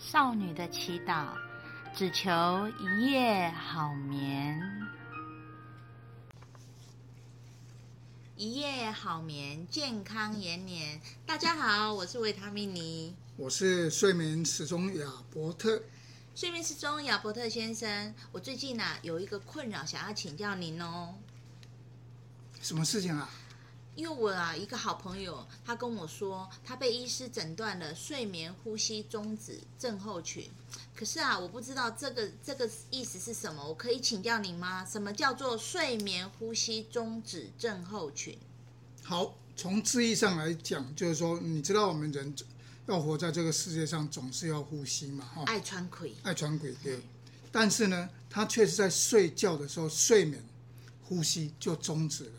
少女的祈禱，只求一夜好眠，一夜好眠，健康延年。大家好，我是維他命尼。 我是睡眠時鐘亞伯特。 睡眠時鐘亞伯特先生，我最近、啊、有一個困擾，想要請教您哦。什麼事情啊？因為我啊，一個好朋友，他跟我說，他被醫師診斷了睡眠呼吸中止症候群。可是啊，我不知道這個這個意思是什麼，我可以請教您嗎？什麼叫做睡眠呼吸中止症候群？好，從字義上來講、嗯，就是說，你知道我們人要活在這個世界上，總是要呼吸嘛，哈。愛喘氣，愛喘氣，對。對但是呢，他卻是在睡覺的時候，睡眠呼吸就終止了。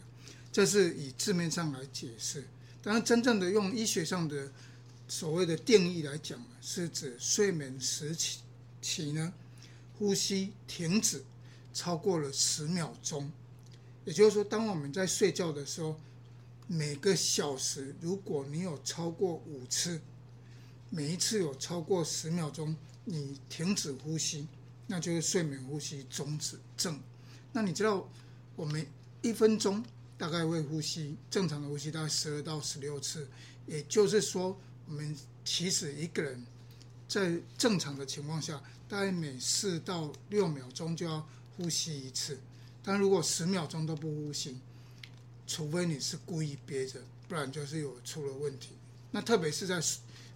這是以字面上來解釋，當然真正的用醫學上的所謂的定義來講，是指睡眠時期呢，呼吸停止超過了十秒鐘。也就是說，當我們在睡覺的時候，每個小時如果你有超過五次，每一次有超過十秒鐘你停止呼吸，那就是睡眠呼吸中止症。那你知道我們一分鐘？大概會呼吸，正常的呼吸大概十二到十六次，也就是說，我們其實一個人在正常的情況下，大概每四到六秒鐘就要呼吸一次。但如果十秒鐘都不呼吸，除非你是故意憋着，不然就是有出了問題。那特別是在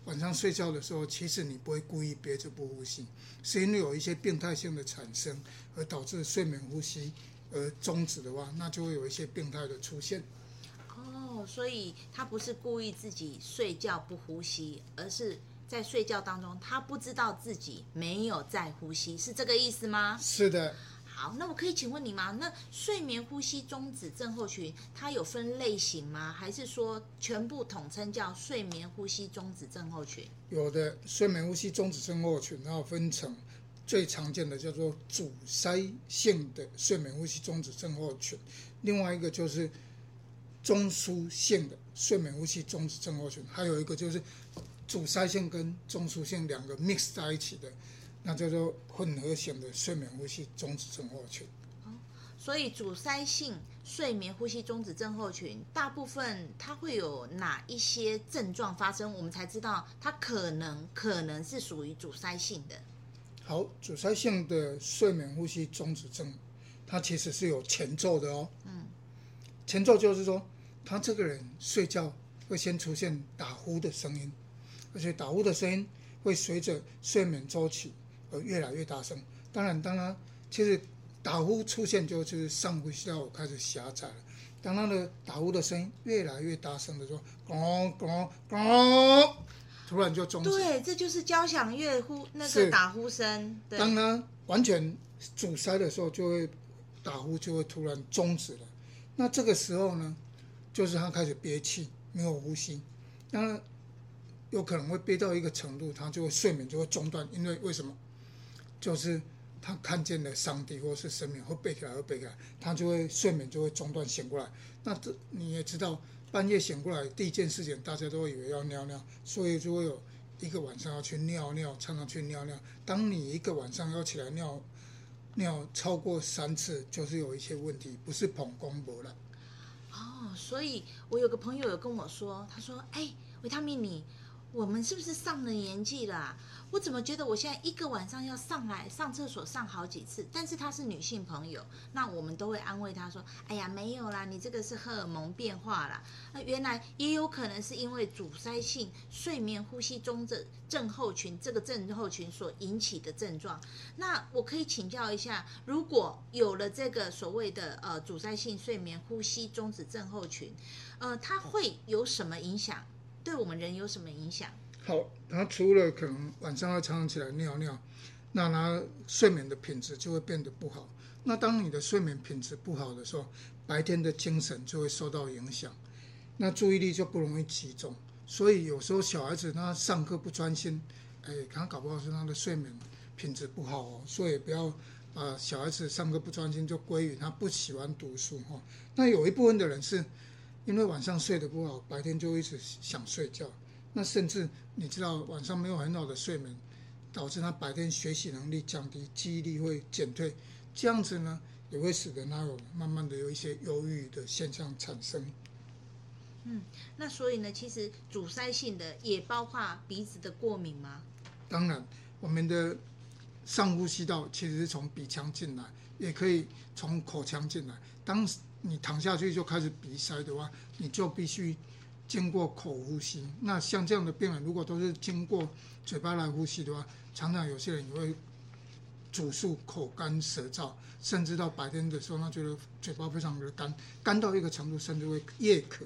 晚上睡覺的時候，其實你不會故意憋着不呼吸，是因為有一些病態性的產生而導致睡眠呼吸。而中止的話，那就會有一些病態的出現。哦，所以他不是故意自己睡覺不呼吸，而是在睡覺當中，他不知道自己沒有在呼吸，是這個意思嗎？是的。好，那我可以請問你嗎？那睡眠呼吸中止症候群，它有分類型嗎？還是說全部統稱叫睡眠呼吸中止症候群？有的，睡眠呼吸中止症候群，然後分成，最常見的叫做阻塞性的睡眠呼吸中止症候群，另外一個就是中樞性的睡眠呼吸中止症候群，還有一個就是阻塞性跟中樞性兩個 mix 在一起的，那叫做混合型的睡眠呼吸中止症候群。哦，所以阻塞性睡眠呼吸中止症候群大部分它會有哪一些症狀發生，我們才知道它可能可能是屬於阻塞性的？好，阻塞性的睡眠呼吸中止症，它其實是有前奏的哦。嗯，前奏就是說，他這個人睡覺會先出現打呼的聲音，而且打呼的聲音會隨着睡眠週期而越來越大聲。當然，當然，其實打呼出現就是上呼吸道開始狹窄了。當他的打呼的聲音越來越大聲的時候，咣咣咣。突然就中止。對，這就是交響樂呼那個打呼聲。對，當它完全阻塞的時候就會打呼，就會突然終止了。那這個時候呢，就是他開始憋氣，沒有呼吸。當然，有可能會憋到一個程度，他就會睡眠就會中斷。因為為什麼？就是他看見了上帝或是神明，會背起來，會背起來，他就會睡眠就會中斷，醒過來。那這你也知道。半夜醒過來，第一件事情大家都以為要尿尿，所以就會有一個晚上要去尿尿，常常去尿尿。當你一個晚上要起來尿尿超過三次，就是有一些問題，不是膀胱勃了。哦，所以我有個朋友有跟我說，他說：“哎、欸，維他命你，我們是不是上了年紀了？”我怎麼覺得我現在一個晚上要上來上廁所上好幾次？但是她是女性朋友，那我們都會安慰她說：“哎呀，沒有啦，你這個是荷爾蒙變化啦。”呃，那原來也有可能是因為阻塞性睡眠呼吸中症中止症候群這個症候群所引起的症狀。那我可以請教一下，如果有了這個所謂的呃阻塞性睡眠呼吸中止症候群，呃，它會有什麼影響？對我們人有什麼影響？好，他除了可能晚上要常常起來尿尿，那他睡眠的品質就會變得不好。那當你的睡眠品質不好的時候，白天的精神就會受到影響，那注意力就不容易集中。所以有時候小孩子他上課不專心，哎，可能搞不好是他的睡眠品質不好哦。所以不要把小孩子上課不專心就歸於他不喜歡讀書哦。那有一部分的人是因為晚上睡得不好，白天就一直想睡覺。那甚至你知道晚上沒有很好的睡眠，導致他白天學習能力降低，記憶力會減退，這樣子呢也會使得他有慢慢的有一些憂鬱的現象產生。嗯，那所以呢，其實阻塞性的也包括鼻子的過敏嗎？當然，我們的上呼吸道其實是從鼻腔進來，也可以從口腔進來。當你躺下去就開始鼻塞的話，你就必須。經過口呼吸，那像這樣的病人，如果都是經過嘴巴來呼吸的話，常常有些人也會主訴口乾舌燥，甚至到白天的時候，他覺得嘴巴非常的乾，乾到一個程度，甚至會夜咳。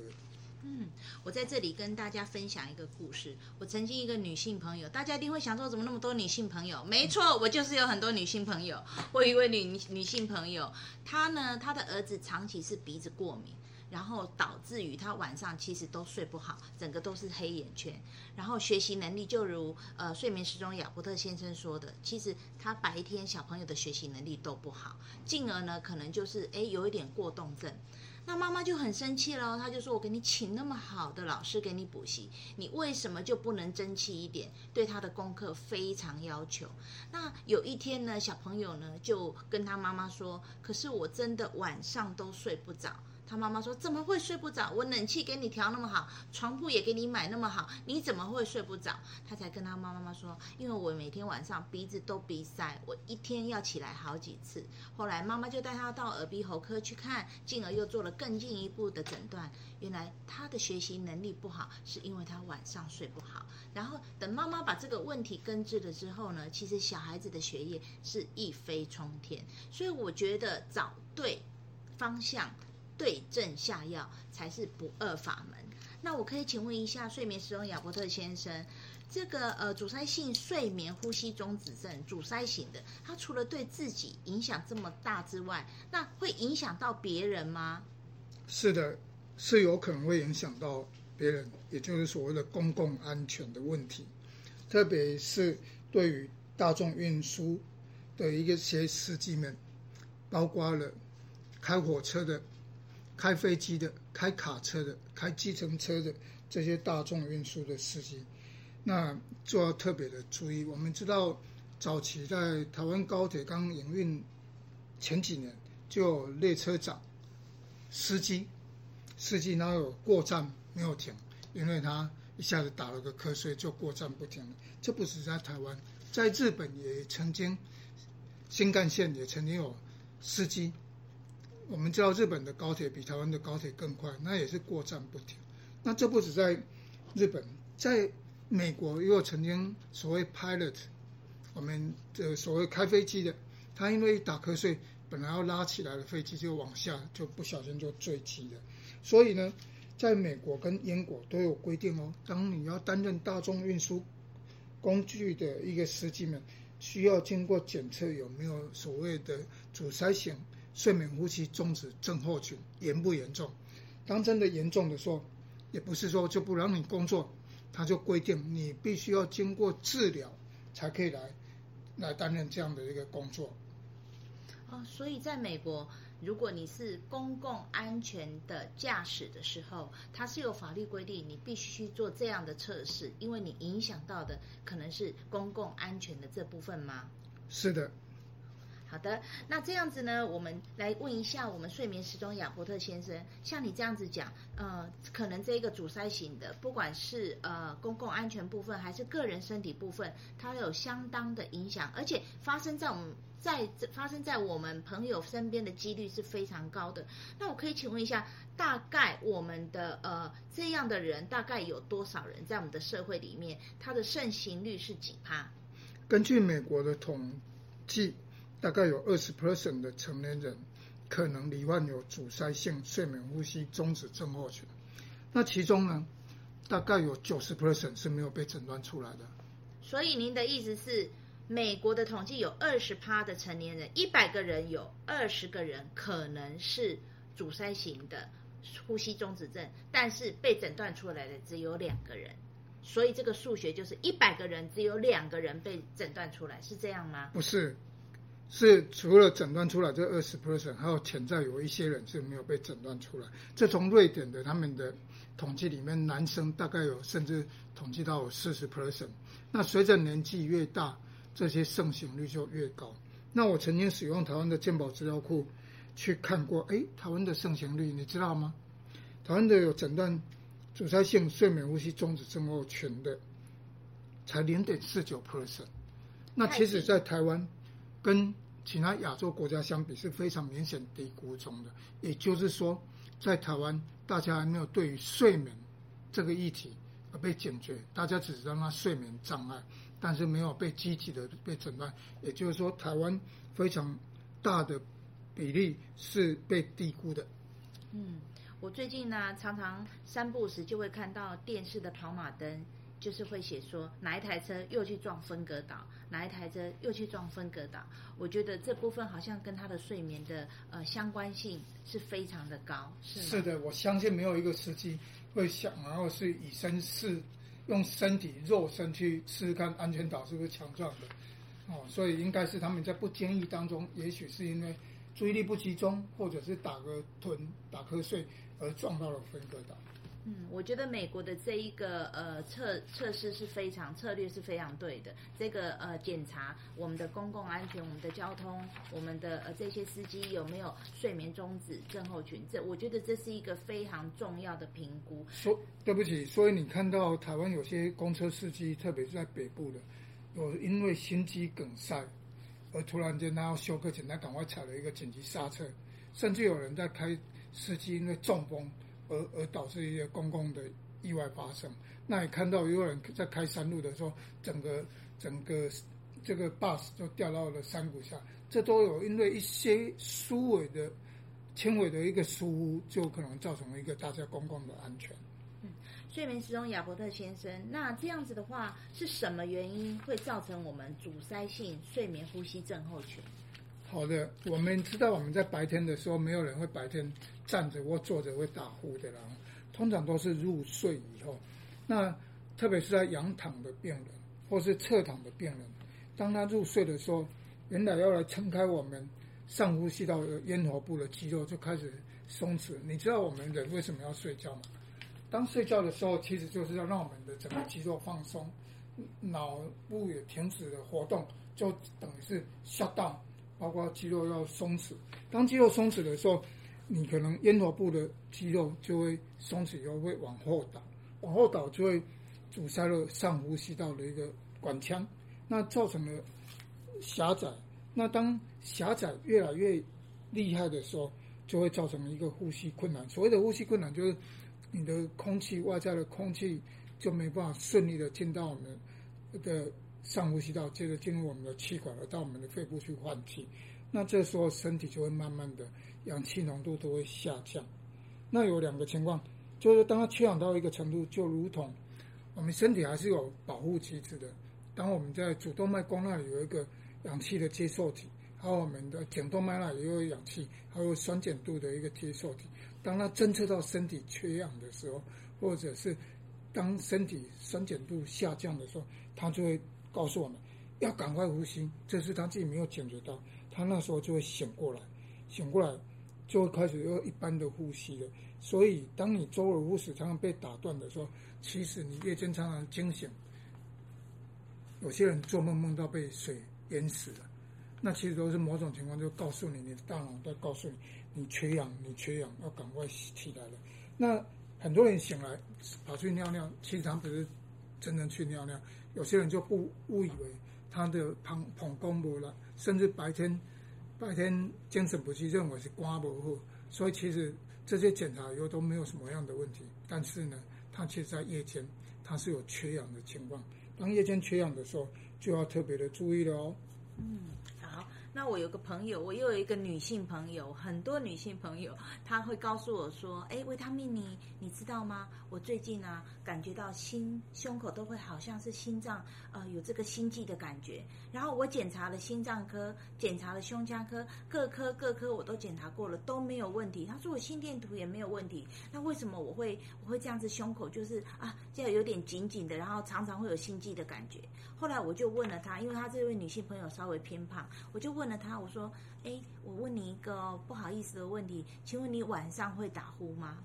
嗯，我在這裡跟大家分享一個故事。我曾經一個女性朋友，大家一定會想說，怎麼那麼多女性朋友？沒錯，我就是有很多女性朋友。我有一位女女性朋友，她呢，她的兒子長期是鼻子過敏，然後導致於她晚上其實都睡不好，整個都是黑眼圈，然後學習能力就如呃睡眠時鐘亞伯特先生說的，其實他白天小朋友的學習能力都不好，進而呢可能就是誒、欸，有一點過動症。那媽媽就很生氣咯，他就說：“我給你請那麼好的老師給你補習，你為什麼就不能爭氣一點？對他的功課非常要求。”那有一天呢，小朋友呢就跟他媽媽說：“可是我真的晚上都睡不着。”他媽媽說：“怎麼會睡不着？我冷氣給你調那麼好，床鋪也給你買那麼好，你怎麼會睡不着？”他才跟他媽媽說：“因為我每天晚上鼻子都鼻塞，我一天要起來好幾次。”後來媽媽就帶他到耳鼻喉科去看，進而又做了。更進一步的診斷，原來他的學習能力不好，是因為他晚上睡不好。然後等媽媽把這個問題根治了之後呢，其實小孩子的學業是一飛沖天。所以我覺得找對方向、對症下藥才是不二法門。那我可以請問一下睡眠醫生雅伯特先生，這個呃阻塞性睡眠呼吸中止症，阻塞性的，他除了對自己影響這麼大之外，那會影響到別人嗎？是的，是有可能會影響到別人，也就是所謂的公共安全的問題，特別是對於大眾運輸的一些司機們，包括了開火車的、開飛機的、開卡車的、開計程車的這些大眾運輸的司機，那就要特別的注意。我們知道，早期在台灣高鐵剛營運前幾年，就有列車長。司機，司機，然後有過站沒有停，因為他一下子打了個瞌睡，就過站不停了。這不止在台灣，在日本也曾經新幹線也曾經有司機。我們知道日本的高鐵比台灣的高鐵更快，那也是過站不停。那這不止在日本，在美國也有曾經所謂 pilot，我們的所謂開飛機的，他因為打瞌睡。本來要拉起來的飛機就往下，就不小心就墜機了。所以呢，在美國跟英國都有規定哦，當你要擔任大眾運輸工具的一個司機們，需要經過檢測有沒有所謂的阻塞性睡眠呼吸中止症候群嚴不嚴重？當真的嚴重的說，也不是說就不讓你工作，他就規定你必須要經過治療才可以來來擔任這樣的一個工作。哦，所以在美國，如果你是公共安全的駕駛的時候，它是有法律規定你必須做這樣的測試，因為你影響到的可能是公共安全的這部分嗎？是的。好的，那這樣子呢，我們來問一下我們睡眠時鐘亞伯特先生，像你這樣子講，呃，可能這個阻塞型的，不管是呃公共安全部分還是個人身體部分，它有相當的影響，而且發生在我們。在這發生在我們朋友身邊的幾率是非常高的。那我可以請問一下，大概我們的呃這樣的人大概有多少人，在我們的社會裡面，他的盛行率是幾趴？根據美國的統計，大概有二十 percent 的成年人可能罹患有阻塞性睡眠呼吸中止症候群。那其中呢，大概有九十 percent 是沒有被診斷出來的。所以您的意思是？美國的統計有二十趴的成年人，一百個人有二十個人可能是阻塞型的呼吸中止症，但是被診斷出來的只有兩個人，所以這個數學就是一百個人只有兩個人被診斷出來，是這樣嗎？不是，是除了診斷出來這二十趴，還有潛在有一些人是沒有被診斷出來。這從瑞典的他們的統計裡面，男生大概有甚至統計到有四十趴，那隨着年紀越大。這些盛行率就越高。那我曾經使用台灣的健保資料庫去看過，哎、欸，台灣的盛行率你知道嗎？台灣的有診斷阻塞性睡眠呼吸中止症候群的，才零點四九 percent。那其實，在台灣跟其他亞洲國家相比是非常明顯低估中的。也就是說，在台灣大家還沒有對於睡眠這個議題而被解決，大家只知道那睡眠障礙。但是沒有被積極的被診斷，也就是說，台灣非常大的比例是被低估的。嗯，我最近呢、啊，常常散步時就會看到電視的跑馬燈，就是會寫說哪一台車又去撞分隔島，哪一台車又去撞分隔島。我覺得這部分好像跟他的睡眠的呃相關性是非常的高，是嗎？是的，我相信沒有一個司機會想，然後是以身試。用身體肉身去試試看安全島是不是強壯的，哦，所以應該是他們在不經意當中，也許是因為注意力不集中，或者是打個盹、打瞌睡而撞到了分隔島。嗯，我覺得美國的這一個呃測測試是非常策略是非常對的。這個呃檢查我們的公共安全、我們的交通、我們的呃這些司機有沒有睡眠中止症候群，這我覺得這是一個非常重要的評估。說對不起，所以你看到台灣有些公車司機，特別是在北部的，有因為心肌梗塞而突然間他要休克，前他趕快踩了一個緊急剎車，甚至有人在開司機因為中風。而而導致一些公共的意外發生，那你看到有人在開山路的時候，整個整個這個 bus 就掉到了山谷下，這都有因為一些疏尾的、輕微的一個疏忽，就可能造成一個大家公共的安全。嗯，睡眠時鐘亞伯特先生，那這樣子的話，是什麼原因會造成我們阻塞性睡眠呼吸症候群？好的，我們知道我們在白天的時候，沒有人會白天站着或坐着會打呼的啦。通常都是入睡以後，那特別是在仰躺的病人或是側躺的病人，當他入睡的時候，原來要來撐開我們上呼吸道的咽喉部的肌肉就開始鬆弛。你知道我們人為什麼要睡覺嗎？當睡覺的時候，其實就是要讓我們的整個肌肉放鬆，腦部也停止了活動，就等於是 shut down。包括肌肉要鬆弛。當肌肉鬆弛的時候，你可能咽喉部的肌肉就會鬆弛，以後會往後倒，往後倒就會阻塞了上呼吸道的一個管腔，那造成了狹窄。那當狹窄越來越厲害的時候，就會造成一個呼吸困難。所謂的呼吸困難，就是你的空氣外在的空氣就沒辦法順利的進到我們的。上呼吸道，接着進入我們的氣管，而到我們的肺部去換氣。那這時候身體就會慢慢的氧氣濃度都會下降。那有兩個情況，就是當它缺氧到一個程度，就如同我們身體還是有保護機制的。當我們在主動脈弓那裡有一個氧氣的接受體，還有我們的頸動脈那裡也有氧氣，還有酸鹼度的一個接受體。當它偵測到身體缺氧的時候，或者是當身體酸鹼度下降的時候，它就會。告訴我們，要趕快呼吸，這是他自己沒有警覺到，他那時候就會醒過來，醒過來就會開始用一般的呼吸了。所以，當你周而復始常常被打斷的時候，其實你夜間常常驚醒。有些人做夢夢到被水淹死了，那其實都是某種情況，就告訴你，你的大腦在告訴你，你缺氧，你缺氧，要趕快起來了。那很多人醒來跑去尿尿，其實常不是。真正去尿尿，有些人就不誤以為他的膀膀胱沒了，甚至白天白天精神不濟，認為是刮不破，所以其實這些檢查以後都沒有什麼樣的問題，但是呢，他其實在夜間他是有缺氧的情況，當夜間缺氧的時候就要特別的注意了哦。嗯。那我有個朋友，我又有一個女性朋友，很多女性朋友，她會告訴我說：“哎，維他命你你知道嗎？我最近啊，感覺到心胸口都會好像是心臟呃有這個心悸的感覺。然後我檢查了心臟科，檢查了胸腔科，各科各科我都檢查過了都沒有問題。她說我心電圖也沒有問題，那為什麼我會我會這樣子胸口就是啊，這樣有點緊緊的，然後常常會有心悸的感覺？後來我就問了她，因為她這位女性朋友稍微偏胖，我就問。問了他我說：“哎，我問你一個、哦、不好意思的問題，請問你晚上會打呼嗎？”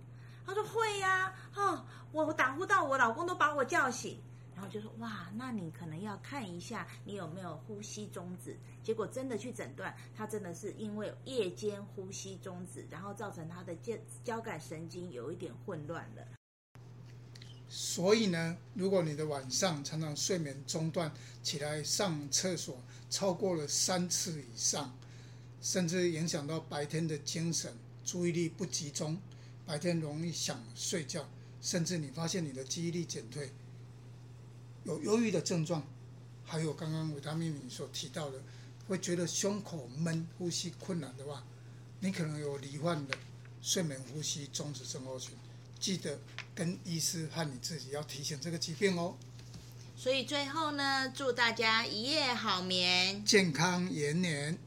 他說會、啊：“會、哦、呀，我打呼到我老公都把我叫醒。”然後就說：“哇，那你可能要看一下你有沒有呼吸中止。”結果真的去診斷，他真的是因為夜間呼吸中止，然後造成他的交感神經有一點混亂了。所以呢，如果你的晚上常常睡眠中斷，起來上廁所。超過了三次以上，甚至影響到白天的精神、注意力不集中，白天容易想睡覺，甚至你發現你的記憶力減退、有憂鬱的症狀，還有剛剛維他命裡所提到的，會覺得胸口悶、呼吸困難的話，你可能有罹患的睡眠呼吸中止症候群。記得跟醫師和你自己要提醒這個疾病哦。所以最後呢，祝大家一夜好眠，健康延年。